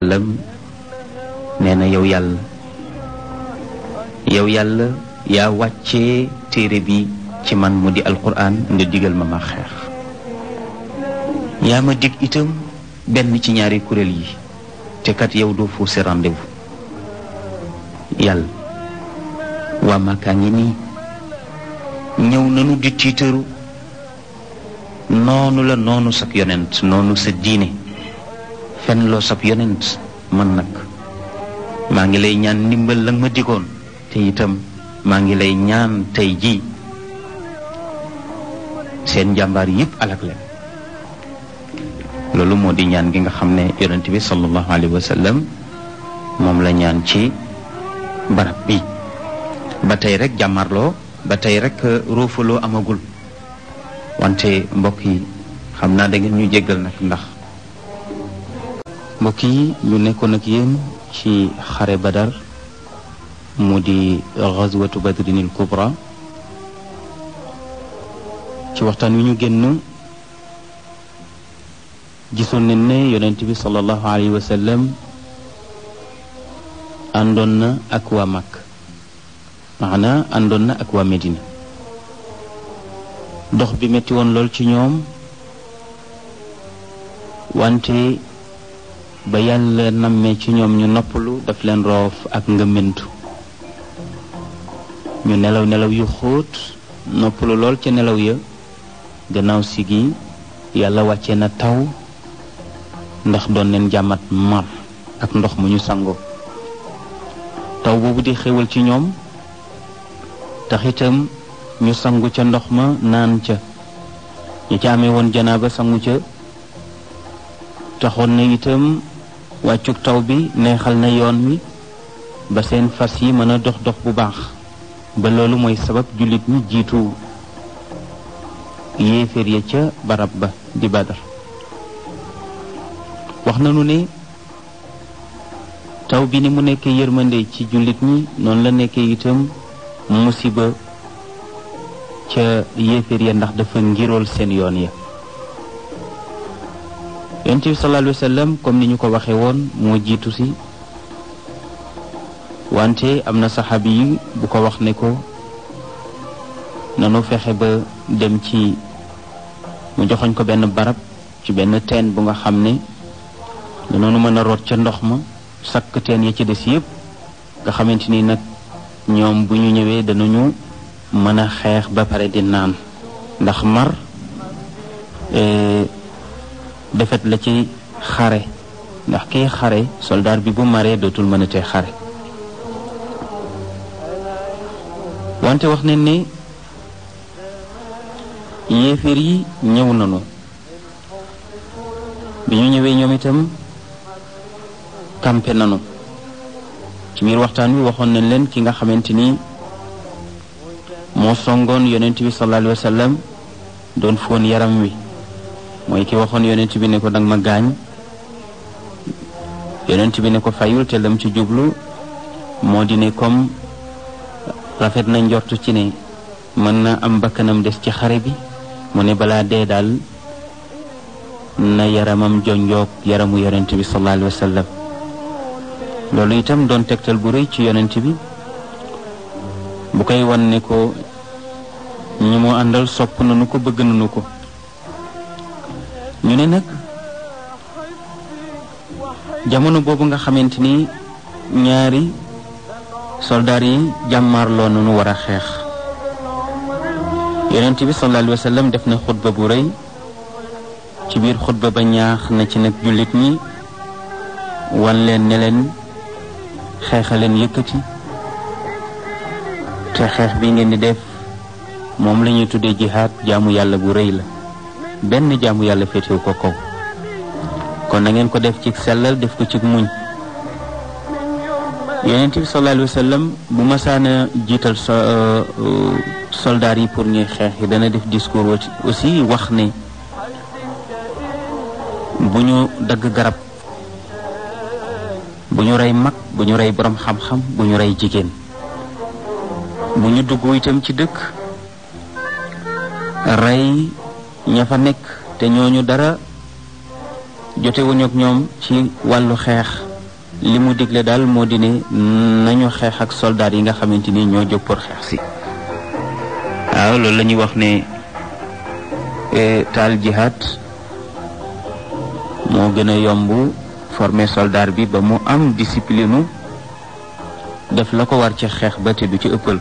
lam yow yàlla yow yàlla yaa wàccee téere bi ci man mu di alquran nga digal ma ma yaa ma benn ci ñaari kuréel yi te kat yow doo forcé ngi nii ñëw nanu di tiitaru noonu la noonu sak yonent noonu sa diine fen loo sab yonent man nag maa ngi lay ñaan ndimbal la ma digoon te itam maa ngi lay ñaan tey jii seen jàmbaar yépp alak leen loolu moo di ñaan gi nga xam ne yonent bi sallallahu alayhi wa sallam moom la ñaan ci barab bi ba tey rek jàmmarloo ba tey rek uh, roofaloo amagul wante mbokk yi xam naa dangeen ñu jéggal nag ndax mbokk yi ñu nekkoon ak yéen ci xare badar mu di gazwatu badrinil kubra ci waxtaan wi ñu génn gisoon nañ ne yonent bi sallallahu alayhi wa àndoon na ak waa Makk maanaa àndoon na ak waa Medina dox bi metti woon lool ci ñoom wante ba yàlla nammee ci ñoom ñu noppalu daf leen roof ak ngëmmintu ñu nelaw nelaw yu xóot noppalu lool ca nelaw ya gannaaw si gi yàlla wàcce na taw ndax doon leen jàmmat mar ak ndox mu ñu sangoo taw boobu di xéwal ci ñoom taxitam ñu sangu ca ndox ma naan ca ñu ca amee woon janaaba sangu ca taxoon na itam wàccug taw bi neexal na yoon wi ba seen fas yi mën a dox dox bu baax ba loolu mooy sabab jullit ñi jiitu yéeféer ya ca barab ba di badar wax nanu ne taw bi ni mu nekkee yërmande ci jullit ñi noonu la nekkee itam musiba ca yéeféer ya ndax dafa ngirool seen yoon ya yonent bi sallallahu alayhi wa sallam comme ni ñu ko waxe woon moo jiitu si wante am na saxaabi yi bu ko wax ne ko nanu fexe ba dem ci mu joxoñ ko benn barab ci benn teen bu nga xam ne danoonu mën a root ca ndox ma sakk teen ya ci des yëpp nga xamante ni nag ñoom bu ñu ñëwee ñu mën a xeex ba pare di naan ndax mar eh, defet la ci xare ndax kiy xare soldaar bi bu maree dootul mën a tee xare wante wax nañ ne yéeféer yi ñëw nañu bi ñu ñëwee ñoom itam kàmpe nañu ci biir waxtaan wi waxoon nañ leen ki nga xamante ni moo songoon yonent bi sallallahu doon foon yaram wi mooy ki waxoon yonent bi ne ko danga ma gaañ yonent bi ne ko fayul te lam ci jublu moo di ne comme rafet na njortu ci ne mën na am bakkanam des ci xare bi mu ne balaa dee daal na yaramam jonjoog yaramu yonent bi sallallahu alayhi loolu itam doon tegtal bu rëy ci yonent bi bu koy wan ne ko ñi mu àndal sopp nanu ko bëgg nanu ko ñu ne nag jamono boobu nga xamante ni ñaari soldaar yi na nañu war a xeex yonent bi sallallahu alayhi wa def na xutba bu rëy ci biir xutba ba ñaax na ci nag jullit ñi wan leen ne leen xeexaleen yëkkati te xeex bi ngeen di def moom lañuy ñuy tuddee jihaad jaamu yàlla bu rëy la benn jaamu yàlla féetewu ko kaw kon na ngeen ko def ci sellal def ko ci muñ yonent bi bu masaana jiital euh, euh, soldaar yi pour ñuy xeex yi dana def discours aussi wax ne bu ñu dagg garab bu ñu rey mag bu ñu rey boroom xam-xam bu ñu rey jigéen bu ñu dugg itam ci dëkk rey ña fa nekk te ñooñu dara jotewuñu ak ñoom ci wàllu xeex li mu digle daal moo di ne nañu xeex ak soldaar yi nga xamante ni ñoo jóg xeex si waaw loolu la ñuy wax ne e, taal jihaad moo gën a yomb former soldaar bi ba mu am discipline def la ko war ci xeex ba te ci ëppal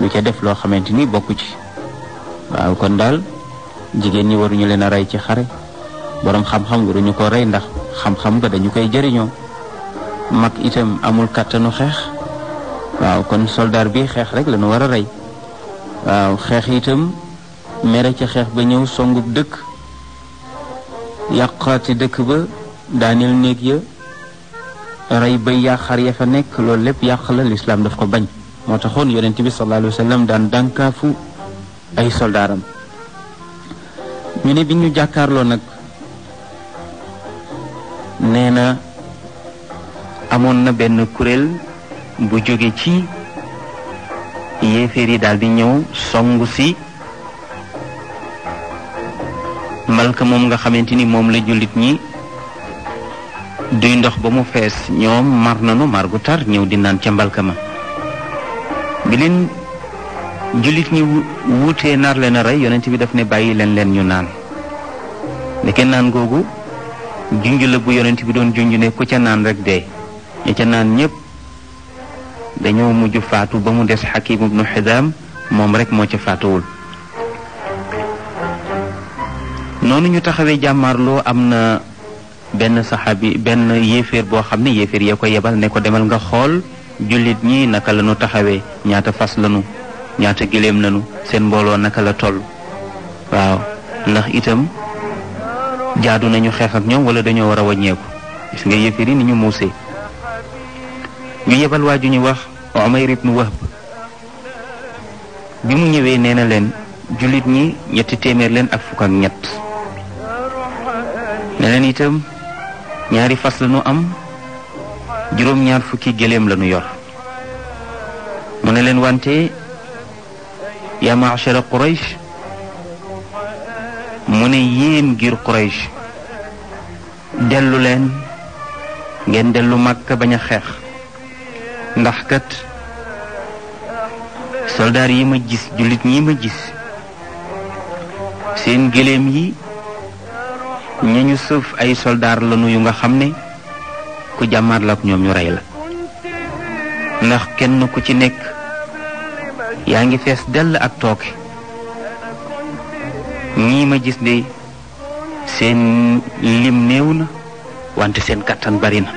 du ca def loo xamante ni bokku ci waaw kon daal jigéen ñi waruñu leen a rey ci xare boroom xam-xam waruñu ko rey ndax xam-xam nga dañu koy jariñoo mag itam amul kàttanu xeex waaw kon soldaar bi xeex rek la ñu war a rey waaw xeex itam mere ci xeex ba ñëw songub dëkk yàqaati dëkk ba daaneel néeg ya rey bay yaa xar ya fa nekk loolu lépp yàq la lislaam daf ko bañ moo taxoon yonent bi sallallahu alayhi wa daan dànkaafu ay soldaaram ñu ne bi ñu jàkkaarloo nag nee na amoon na benn kuréel bu jóge ci yéeféer yi daal ñëw songu si malka moom nga xamante ni moom la jullit ñi duy ndox ba mu fees ñoom mar na nu mar gu tar ñëw di naan ca mbalka ma jullit ñi wuutee nar leen a rey yonent bi daf ne bàyyi leen leen ñu naan ndeke naan googu junj la yonent bi doon junj ne ku ca naan rek dee ña ca naan ñëpp dañoo mujj faatu ba mu des xakim ibnu xidaam moom rek moo ca faatuwul noonu ñu taxawee jàmmaarloo am na benn saxaabi benn yéeféer boo xam ne yéeféer yee ko yebal ne ko demal nga xool jullit ñi naka lañu taxawee ñaata fas lañu ñaata giléem nanu seen mbooloo naka la toll waaw ndax itam jaadu nañu xeex ñoom wala dañoo war a wàññeeku gis nga yëfiri ni ñu muusee ñu yebal waa ju ñu wax Umayr ibn Wahb bi mu ñëwee nee na leen jullit ñi ñetti téeméer leen ak fukk ak ñett ne itam ñaari fas la am juróom-ñaar fukki géléem la ñu yor mu ne leen wante yaa maachara Quraysh mu ne yéen ngir Quraysh dellu leen ngeen dellu Makka bañ a xeex ndax kat soldaar yi ma gis jullit ñi ma gis seen gëléem yi ña ñu sëf ay soldaar lanu yu nga xam ne ku jàmmaar la ak ñoom ñu rey la ndax kenn ku ci nekk yaa ngi fees dell ak tooke ñii ma gis de seen lim néew na wante seen kattan bari na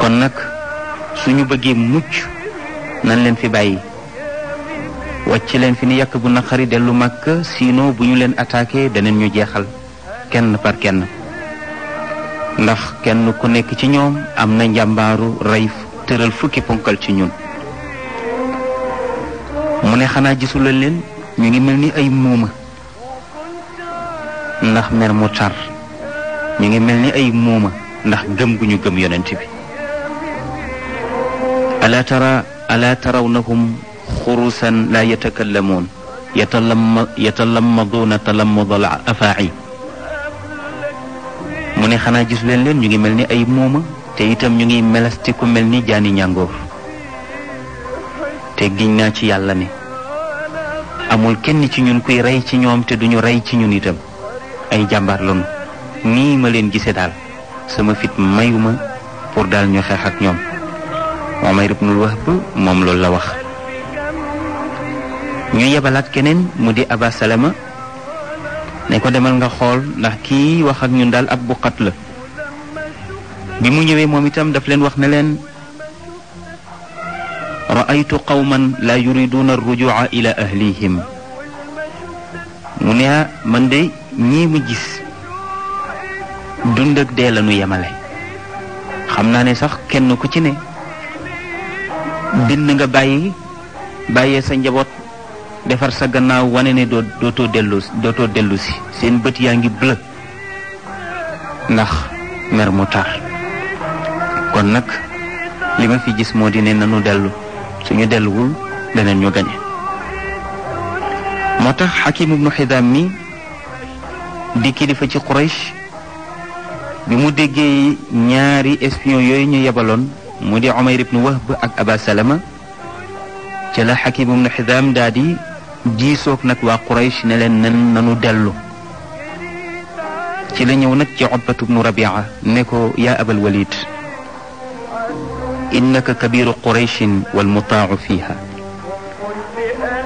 kon nag suñu bëggee mucc nan leen fi bàyyi wacc leen fi ni yàq bu naqari dellu màkk sinon bu ñu leen attaqué daneen ñu jeexal kenn par kenn ndax kenn ku nekk ci ñoom am na njàmbaaru rey tëral fukki ponkal ci ñun mu ne xanaa gisula leen ñu ngi mel ni ay muuma ndax mer mu tar ñu ngi mel ni ay muuma ndax gëm gu ñu gëm yonent bi na tara alaa tarawnahum xurusan laa yatakallamuun yatalamma yatalammaduuna talammudal afaa'i mu ne xanaa gis leen leen ñu ngi mel ni ay muuma te itam ñu ngi ku mel ni jaani ñàngoor te giñ naa ci yàlla ne amul kenn ci ñun kuy rey ci ñoom te duñu rey ci ñun itam ay jàmbaar lañu nii ma leen gisee daal sama fit mayuma pour daal ñu xeex ak ñoom Umayr ibnul Wahb moom loolu la wax ñu yebalaat keneen mu di Aba ma ne ko demal nga xool ndax kii wax ak ñun daal ab buqat la bi mu ñëwee moom itam daf leen wax ne ra'aytu qawman laa yuriduuna rujuca ila ahlihim mu ne man de ñii mu gis dund ak dee lañu yemale xam naa ne sax kenn ku ci ne bind nga bàyyi bàyyee sa njaboot defar sa gannaaw wane ne doo dootoo dellusi seen bët yaa ngi bleu ndax mer mu tar kon nag li ma fi gis moo di ne nanu dellu suñu delluwul daneen ñu gañe moo tax xakim ibnu xidaam mi di kilifa ci Quraysh bi mu déggee ñaari espion yooyu ñu yebaloon mu di Umayr ibnu Wahb ak Aba Salama ci la xakim ibnu xidaam daa di nag waa Quraysh ne leen nan nanu dellu ci la ñëw nag ci Utbatu ibnu Rabia ne ko yaa abal Walid إنك كبير قريش والمطاع فيها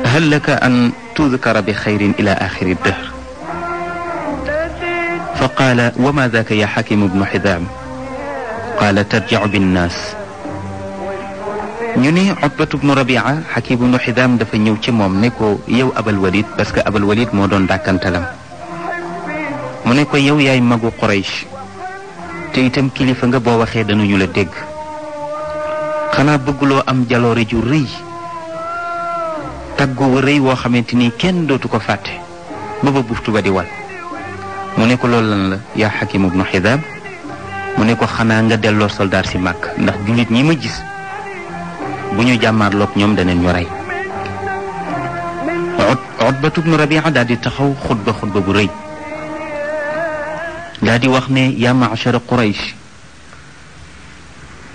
هل لك أن تذكر بخير إلى آخر الدهر فقال وما ذاك يا حكيم بن حزام قال ترجع بالناس ñu ni Utbatu bnu Rabia Hakim bnu Xidaam dafa ñëw ci moom ne ko yow Abal Walid parce que Abal Walid moo doon dàkkantalam mu ne ko yow yaay magu Quraysh te itam kilifa nga boo waxee danañu la dégg xanaa bëgguloo am jaloore ju rëy taggu wa rëy woo xamante ni kenn dootu ko fàtte ba ba buftu di wal mu ne ko loolu lan la yaa xakim ibnu xidaab mu ne ko xanaa nga delloo soldaar si màkk ndax jullit ñi ma gis bu ñu jàmmaarloog ñoom daneen ñu rey Utbatu bnu Rabi'a daal taxaw xutba xutba bu rëy daal wax ne yaa ma'shara Quraysh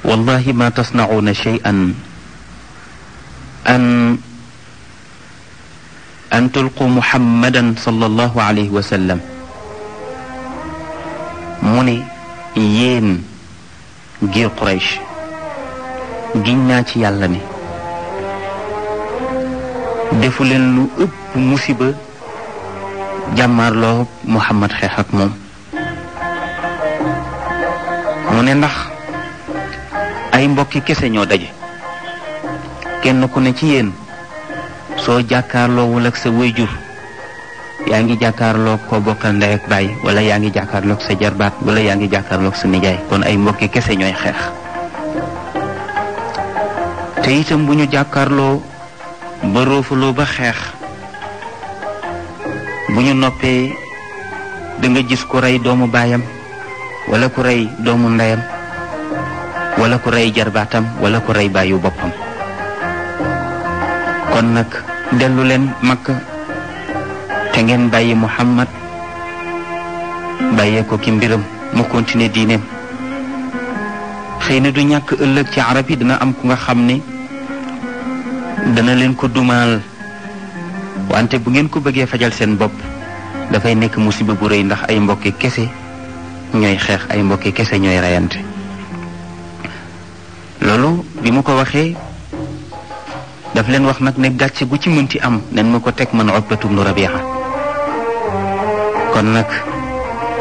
wallahi ma tasnacuuna shay'an an an tulqu muhammadan mu ne yéen ngir Quraysh giñ naa ci yàlla ne defu leen lu ëpp musiba jàmmaarloo Muhammad xeex ak moom mu ne ndax ay mbokki kese ñoo daje kenn ku ne ci yéen soo jàkkaarloowul ak sa wayjur yaa ngi jàkkaarloo ko bokkal ndey ak baay wala yaa ngi jàkkaarloog sa jarbaat wala yaa ngi jàkkaarloog sa nijaay kon ay mbokki kese ñooy xeex te itam bu ñu jàkkaarloo ba roofaloo ba xeex bu ñu noppee danga gis ku rey doomu baayam walla ku rey doomu ndeyam wala ku rey jarbaatam wala ku rey baayu boppam kon nag dellu leen Makka te ngeen bàyyi Muhammad bàyyee ko ki mbiram mu continuer diineem xëy na du ñàkk ëllëg ci arab yi dina am ku nga xam ni dana leen ko dumaal wante bu ngeen ko bëggee fajal seen bopp dafay nekk musiba bu rëy ndax ay mbokki kese ñooy xeex ay mbokke kese ñooy reyante bi mu ko waxee daf leen wax nag ne gàcce gu ci mënti am nen ma ko teg man Utbatu bnu Rabiha kon nag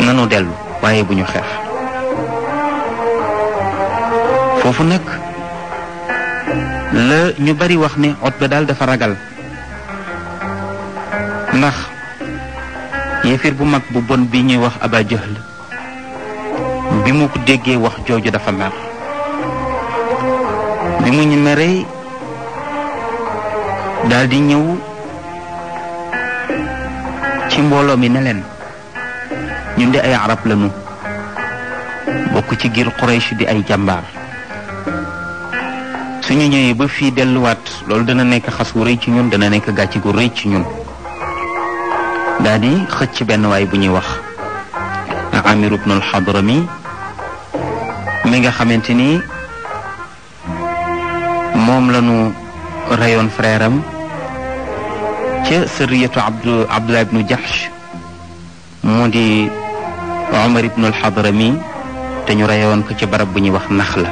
nanu dellu waaye bu ñu xeex foofu nag la ñu bari wax ne Utba daal dafa ragal ndax yéefir bu mag bu bon bi ñuy wax Aba Jahl bi mu ko déggee wax jooju dafa mer ni mu ñu meree daal di ñëw ci mbooloo mi ne leen ñun de ay arab lañu bokk ci giir Quraysh di ay jàmbaar suñu ñëwee ba fii delluwaat loolu dana nekk xas wu rëy ci ñun dana nekk gàcce gu rëy ci ñun daldi xëcc benn waay bu ñuy wax Amir ibn al-Hadrami mi nga xamante moom la ñu ca sëriyatu abdu di omar ibnu alxadrami te ci barab bu ñuy wax nax la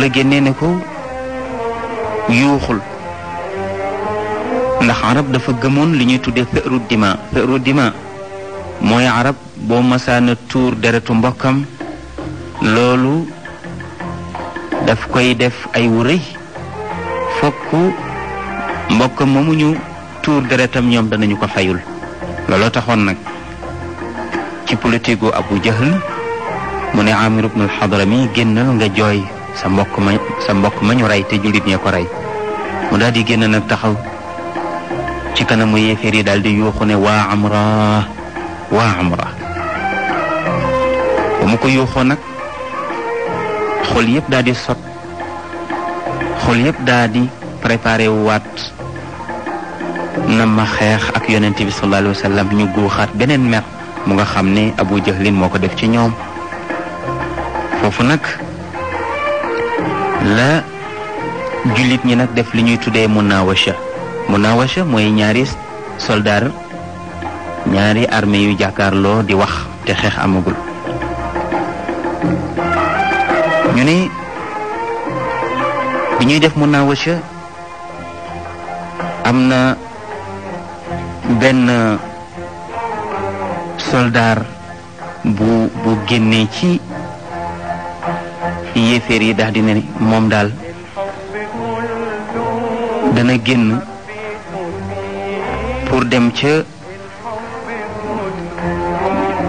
la génnee ne ko yuuxul ndax arab dafa gëmoon li ñuy tuddee feru dima feru dima mooy arab boo masaana tuur deretu mbokkam loolu daf koy def ay wu rëy fokk mbokk moomu ñu tuur deretam ñoom danañu ko fayul looloo taxoon nag ci politique gu Abu Jahl mu ne Amir ibn al-Hadrami génnal nga jooy sa mbokk ma sa mbokk ma ñu rey te jullit ñee ko rey mu daal di génn nag taxaw ci kanamu yéeféer yi daal di yuuxu ne waa amra waa amra ba mu ko yuuxoo nag xol yëpp daal di sot xol yëpp daal di préparé wu waat na ma xeex ak yonent bi sallallahu alayhi wa ñu guuxaat beneen mer mu nga xam ne Abu Jahlin moo ko def ci ñoom foofu nag la jullit ñi nag def li ñuy tuddee munawasha munawasha mooy ñaari soldaar ñaari armée yu jàkkaarloo di wax te xeex amagul ñu ni bi ñuy def munawasha am na benn soldaar bu bu génnee ci yéeféer yi daal di ne moom daal dana génn pour dem ca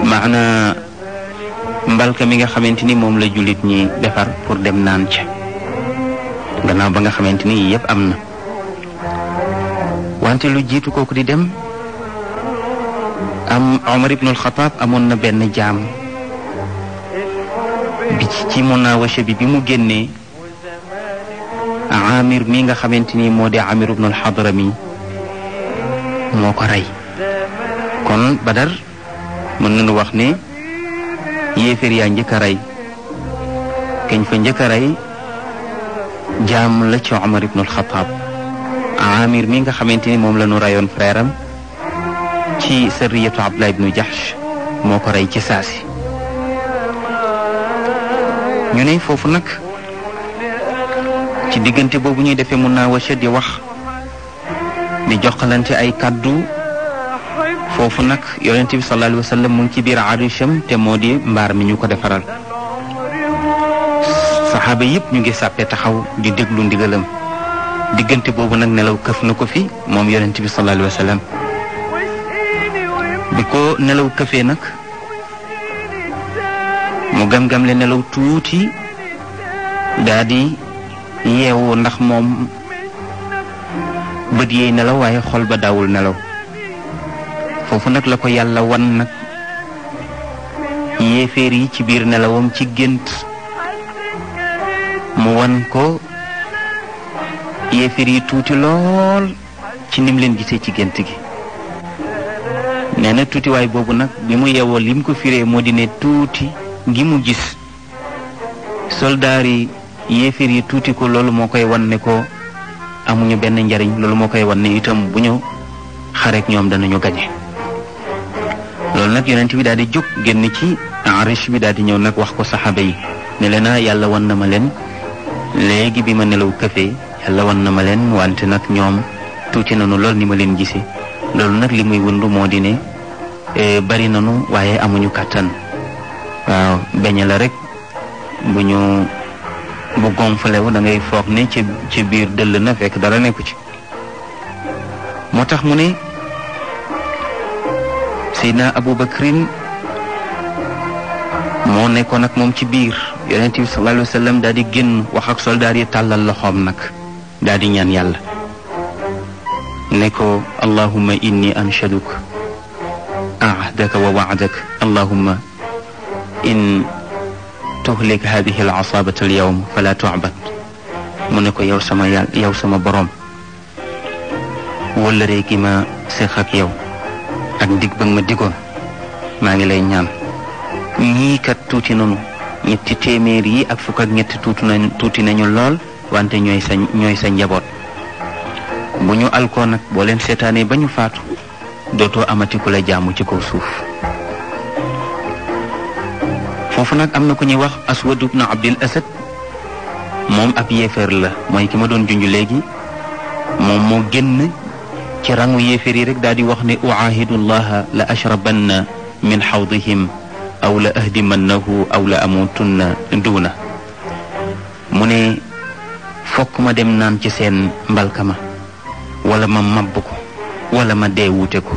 maana mbalka mi nga xamante ni moom la jullit ñi defar pour dem naan ca gannaaw ba nga xamante ni yii yëpp am na wante lu jiitu kooku di dem am Omar ibnul Xataab amoon na benn jaam bi ci munaawasha bi bi mu génnee amir mi nga xamante ni moo di amir ibnul Xadrami moo ko rey kon Badar mën nañu wax ne yéeféer yaa njëkk a rey kañ fa njëkk rey jaam la ci Omar ibnul Xataab Amir mi nga xamante ni moom la ñu reyoon frère am ci sariyatu Abdullah ibnu Jahsh moo ko rey ci saasi ñu ne foofu nag ci diggante boobu ñuy defee mun naa wacca di wax di joxalante ay kàddu foofu nag yonent bi sallallahu alayhi mu ngi ci biir arisham te moo di mbaar mi ñu ko defaral saxaaba yëpp ñu ngi sàppe taxaw di déglu ndigalam diggante boobu nag nelaw këf na ko fi moom yonent bi sallallahu alayhi wa bi ko nelaw këfee nag mu gam-gam le nelaw tuuti daa di yeewu ndax moom bët yeey nelaw waaye xol ba daawul nelaw foofu nag la ko yàlla won nag yéeféer yi ci biir nelawam ci gént mu won ko yéeféer yi tuuti lool ci nim leen gisee ci gént gi nee na tuutiwaay boobu nag bi mu yewoo lim ko fiire moo di ne tuuti gi mu gis soldaar yi yéeféer yi tuuti ko loolu moo koy wan ne ko amuñu benn njariñ loolu moo koy wan ne itam bu ñu xareek ñoom danañu gañe loolu nag yonent bi daal di jóg génn ci arish bi daal di ñëw nag wax ko saxaaba yi ne leen ah, yàlla wan na ma leen léegi bi ma nelaw kafe yàlla wan na ma leen wante nag ñoom tuuti nanu lool ni ma leen gisee loolu nag li muy wundu moo di ne e, bari nanu waaye amuñu kàttan waaw beñe la rek bu ñu bu gonfalewu da ngay foog ne ci ci biir dëll na fekk dara nekku ci moo tax mu ne Seydina Abu Bakrin moo nekkoon ak moom ci biir yonent bi sallallahu alayhi wa sallam daal di génn wax ak soldaar yi tàllal loxoom nag daal di ñaan yàlla ne ko allahumma inni anshaduk ahdaka wa waadak allahumma in tuhlik hadihi al asabata al yawm fala tu'bad mu ne ko yow sama yàlla yow sama borom wala rek gi ma seq ak yow ak dig ba nga ma digoon maa ngi lay ñaan ñii kat tuuti nañu ñetti téeméer yi ak fukk ak ñetti tuuti nañu tuuti nañu lool wante ñooy sa njaboot bu ñu alkoo nag boo leen seetaanee ba ñu faatu dootoo amatiku la jaamu ci kaw suuf foofu nag am na ku ñuy wax aswad ibn abdil asad moom ab yéeféer la mooy ki ma doon junj léegi moom moo génn ci rangu yéeféer yi rek daal di wax ne uaahidullaha la ashrabanna min xawdihim aw la ahdimannahu aw la amutunna duuna mu ne fokk ma dem naan ci seen mbalka ma wala ma mabb ko wala ma dee wuute ko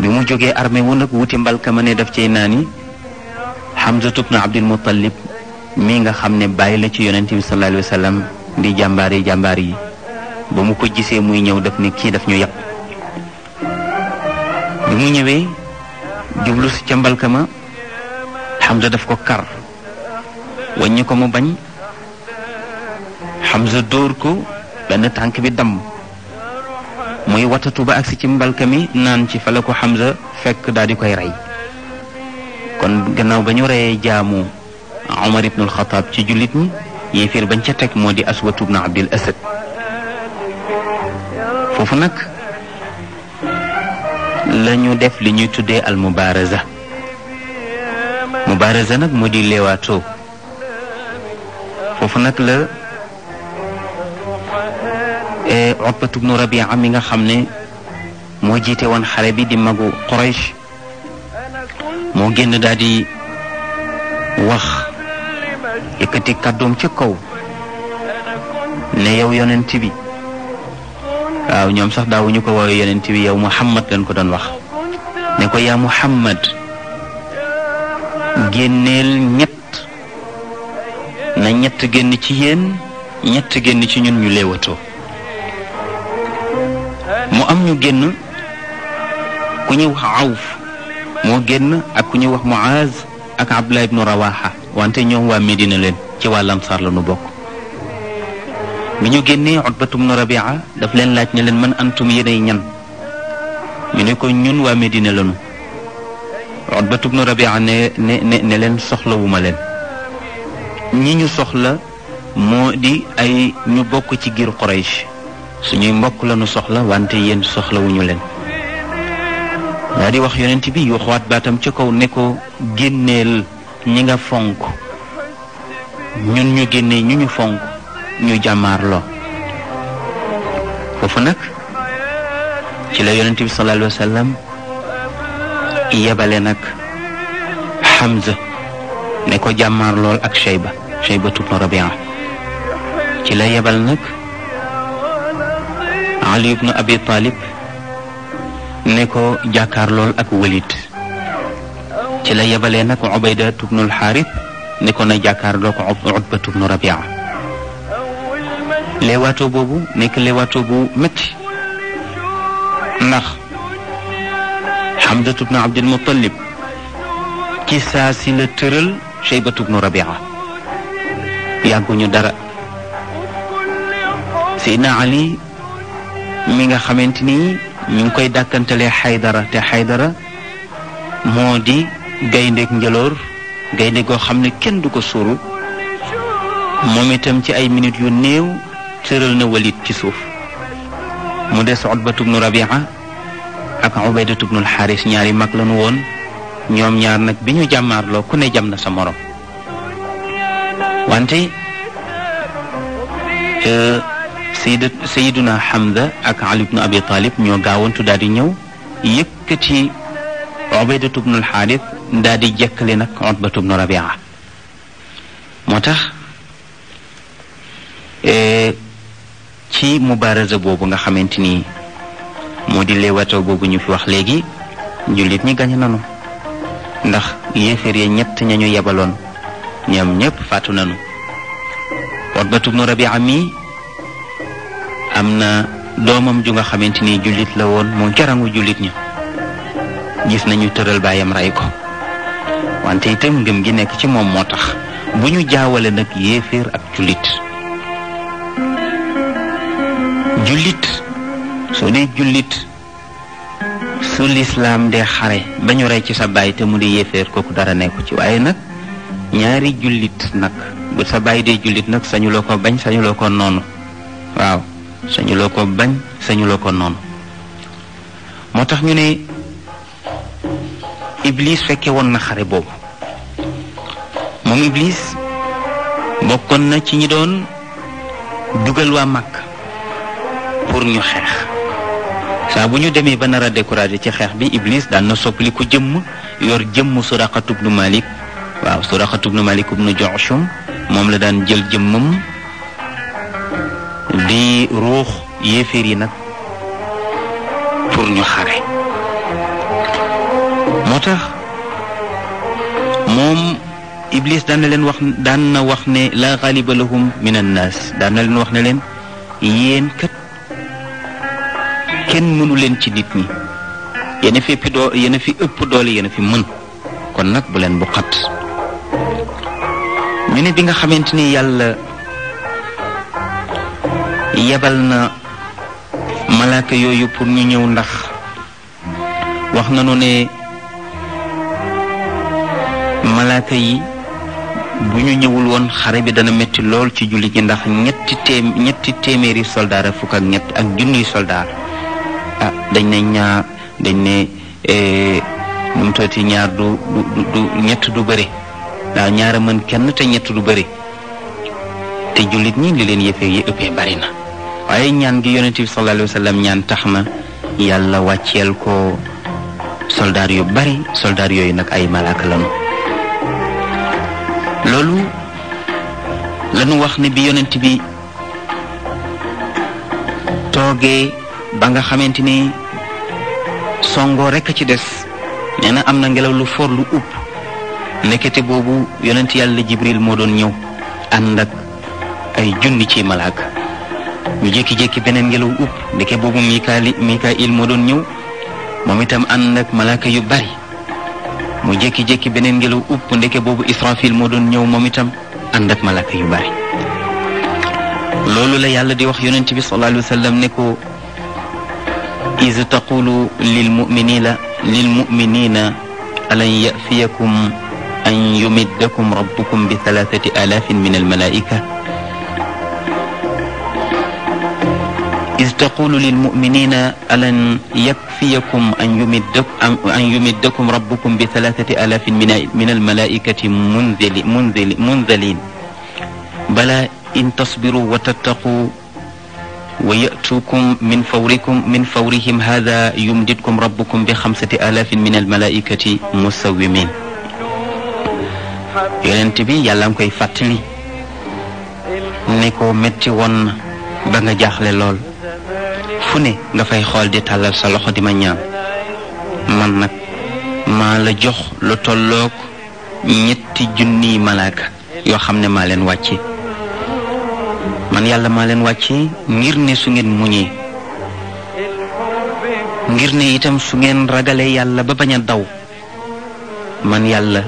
bi mu jógee armée wu nag wuti mbalka ma ne def daf cey naani Hamzatu bnu Abdul Muttalib mii nga xam ne bàyyi la ci yonente bi sallallahu alayhi wa di jàmbaar yi jàmbaar yi ba mu ko gisee muy ñëw daf ne kii daf ñu yàpp bi mu ñëwee jublu si ca mbalka ma Hamza daf ko kar wàññi ko mu bañ Hamza dóor ko benn tànk bi damm muy watatu ba agsi ci mbalka mi naan ci fa la ko Hamza fekk daal di koy rey kon gannaaw ba ñu reyee jaamu Omar ibnul Xataab ci jullit ñi yéeféer bañ ca teg moo di aswatu bna abdil asad foofu nag la ñu def li ñuy tuddee al mubaaraza mubaaraza nag moo di leewaatoo foofu nag la e, Utbatu bnu Rabia mi nga xam ne moo jiite woon xare bi di magu Quraysh moo génn daal di wax yëkkati kàddoom ci kaw ne yow yonent bi waaw ñoom sax daawuñu ko woowee yonent bi yow Muhammad lañ ko doon wax ne ko yaa Muhammad génneel ñett na ñett génn ci yéen ñett génn ci ñun ñu léewatoo mu am ñu génn ku ñuy wax awf moo génn ak ku ñuy wax muaz ak abdullah ibnu rawaxa wante ñoom waa medina leen ci waa lamsar la bokk bi ñu génnee Utbatu bnu Rabia daf leen laaj na leen mën antum yéenay ñan ñu ne ko ñun waa Medina lanu Utbatu bnu Rabia ne ne ne leen soxlawuma leen ñi ñu soxla moo di ay ñu bokk ci giir Quraysh suñuy mbokk lanu soxla wante yéen soxlawuñu leen daa di wax yonent bi yuuxuwaat baatam ca kaw ne ko génneel ñi nga fonk ñun ñu génnee ñu ñu fonk ñu jàmmaar loo foofu nag ci la yonent bi yebale nag Hamza ne ko jàmmaar lool ak Shayba Shayba tubnu Rabia ci la yebal nag Ali ibnu Abi Talib ne ko jàkkaar lool ak Walid ci la yebalee nag Ubayda tubnu Alxaaris ne ko na jàkkaar lool ko Utba tubnu Rabia leewaatoo boobu nekk leewaatoo bu metti ndax Hamdatu bnu Abdil Muttalib ci saa si la tëral Cheybatu bnu Rabia yàgguñu dara Seydina Ali mi nga xamante ni ñu ngi koy dàkkantalee Xaydara te Xaydara moo di gayndeeg njëloor gaynde goo xam ne kenn du ko suuru moom itam ci ay minit yu néew tëral na walit ci suuf mu des Utbatu bnu Rabi'a ak Ubaydatu bnul Xaaris ñaari mag lañu woon ñoom ñaar nag bi ñu jàmmaarloo ku ne jam na sa morom wante sayid sayiduna Hamza ak Ali bnu Abi ñoo gaawantu daal di ñëw yëkkati Ubaydatu bnul Xaaris daal di jekkale nag Utbatu bnu Rabi'a moo tax eh, ci mubaaraza boobu nga xamante ni moo di leewatoo boobu ñu fi wax léegi jullit ñi gañe nanu ndax yéeféer ya ñett ñañu yebaloon ñoom ñépp faatu nanu Utbatu bnu Rabia mi am na doomam ju nga xamante ni jullit la woon mu jarangu jullit ñi gis nañu tëral baayam rey ko wante itam ngëm gi nekk ci moom moo tax bu ñu jaawale nag yéeféer ak jullit jullit soo dee jullit su lislaam dee xare ba ñu rey ci sa baay te mu di yéeféer kooku dara nekku ci waaye nag ñaari jullit nag bu sa baay dee jullit nag sañu loo ko bañ sañu loo ko noonu waaw ko bañ ko noonu moo tax ñu ne Iblis fekke woon na xare boobu moom Iblis bokkoon na ci ñi doon dugal waa Makka pour ñu saa bu ñu demee ba nara a ci xeex bi Iblis daan na soppali ku jëmm yor jëmm Suraxatu bnu Malik waaw Suraxatu bnu Malik bnu Joxshum moom la daan jël jëmmam di ruux yéeféer yi nag pour ñu xare moo tax moom Iblis daan leen wax daan na wax ne laa xaaliba lahum min annaas leen wax ne leen yéen kat kenn mënu leen ci nit ñi yéen a fi ëpp doo yéen fi ëpp doole yéen fi mën kon nag bu leen bu xat ñu ne bi nga xamante ni yàlla yebal na malaaka yooyu pour ñu ñëw ndax wax nañu ne malaaka yi bu ñu ñëwul woon xare bi dana metti lool ci jullit ñi ndax ñetti téeméeri soldaar ak fukk ak ñett ak junniy soldaar ah dañ ne ñaar dañ ne eh, nu mu tooti ñaar du du ñett du bëri waaw ñaar a mën kenn te ñett du bëri te jullit ñi li leen yëfee yi ëppee bari na waaye ñaan gi yonent bi sallallahu ñaan tax na yàlla wàcceel ko soldaar yu bari soldaar yooyu nag ay malaaka lanu loolu lanu wax ne bi yonent bi toogee ba nga xamante ni songoo rekk ci des nee na am na ngelaw lu for lu upp nekkete boobu yonent yàlla jibril moo doon ñëw ànd ak ay junni ci malaaka ñu jékki-jékki beneen ngelaw upp ndeke boobu mikaali mikail moo doon ñëw moom itam ànd ak malaaka yu bari mu jékki beneen ngelaw upp ndeke moo doon ñëw moom itam ànd ak yu bari loolu la yàlla di wax yonent bi sallallahu alayhi wa ne ko iz taqulu lil muminina lil muminina alan yafiyakum an yumiddakum rabbukum bi thalathati alafin min almalaika iz taqulu lil muminina alan yakfiyakum an yumiddakum an yumiddakum rabbukum bi thalathati alafin min almalaikati munzili munzili munzalin bala in tasbiru wa tattaqu wa yatukum min fawrikum min fawrihim hada yumditkum rabbukum bi xamsati alafin min almalaikati musawimin yonent bi yàlla ngi koy fàttali ne ko métti woon na ba nga jaaxle lool fu ne nga fay xool di tàllal sa loxo di ma ñaan man nag maa la jox lu tolloog ñetti junniy malaaka yoo xam ne maa leen wàcce man yàlla maa leen wàcce ngir ne su ngeen muñee ngir ne itam su ngeen ragalee yàlla ba bañ a daw man yàlla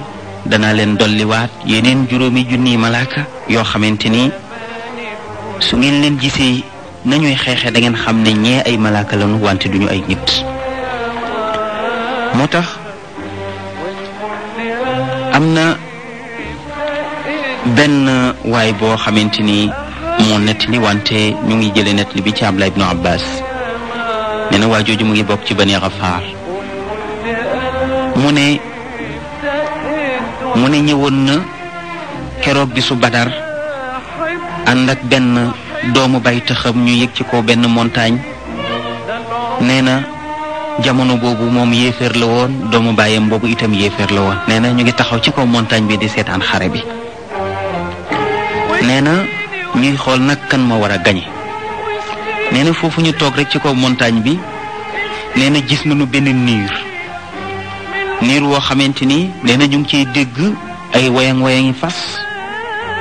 dana leen dolliwaat yeneen juróomi junniy malaaka yoo xamante ni su ngeen leen gisee nañuy xeexe dangeen xam ne ñee ay malaaka lañu wante duñu ay nit moo tax am na benn waay boo xamante ni moo nettali wante ñu ngi jëlee nettali bi ci Abdullah ibnu Abbas nee waa jooju mu ngi bokk ci Bani Gafaar mu ne mu ne ñëwoon na keroog bi su Badar ànd ak benn doomu bay taxam ñu yëg ci ko benn montagne nee na jamono boobu moom yéeféer la woon doomu bàyyam boobu itam yéeféer la woon nee na ñu ngi taxaw ci kaw montagne bi di seetaan xare bi ñuy xool nag kan ma war a gañe nee na foofu ñu toog rek ci kaw montagne bi nee na gis nañu benn niir niir woo xamante ni nee na ñu ngi ciy dégg ay wayang wayangi fas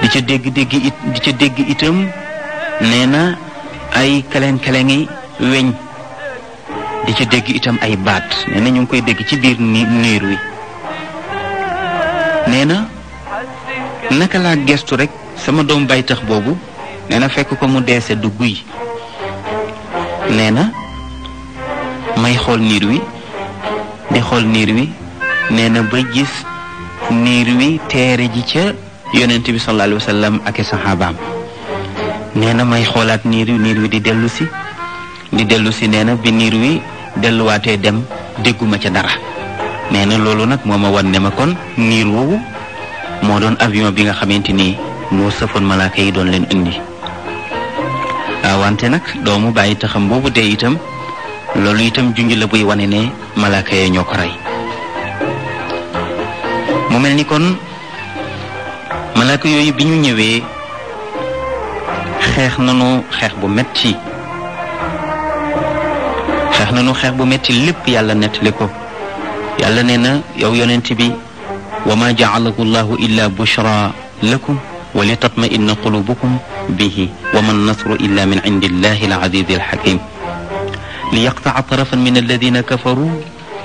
di ca dégg di ca dégg itam nee na ay keleng kelengi weñ di ca dégg itam ay baat nee na ñu ngi koy dégg ci biir niir wi nee na naka laa gestu rek sama doom bay tax boobu nee fekk ko mu deese du guy nee na may xool niir wi di xool niir wi nee na ba gis niir wi teere ji ca yonent bi sallallahu alayhi ak i saxaabaam nee na may xoolaat niir wi niir wi di dellu si di dellu si nee na bi niir wi delluwaatee dem dégguma ca dara nee na loolu nag moo ma ne ma kon niir woowu moo doon avion bi nga xamante nii moo safoon malaaka yi doon leen indi ah, wante nag doomu bàyyi taxam boobu dee itam loolu itam junj la buy wane ne malaaka yee ñoo ko rey mu mel ni kon malaaka yooyu bi ñu ñëwee xeex nanu xeex bu metti xeex nanu xeex bu metti lépp yàlla nettali ko yàlla nee na yow yonent bi wa ma jaalahu llahu illa bushra wa li tatma'inna qulubukum bihi wa man nasru illa min indi illahi al-azizi al-hakim li yaqta'a tarafan min alladina kafaru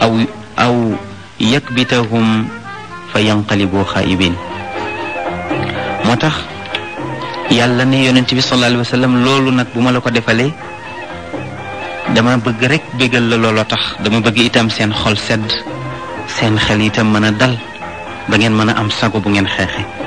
aw aw yakbitahum fa yanqalibu xaa'ibin moo tax yàlla ne yonent bi sallallahu alayhi wa sallam loolu nag bu ma la ko defalee dama bëgg rek bégal la looloo tax dama bëgg itam seen xol sedd seen xel itam mën a dal ba ngeen mën a am sago bu ngeen xeexe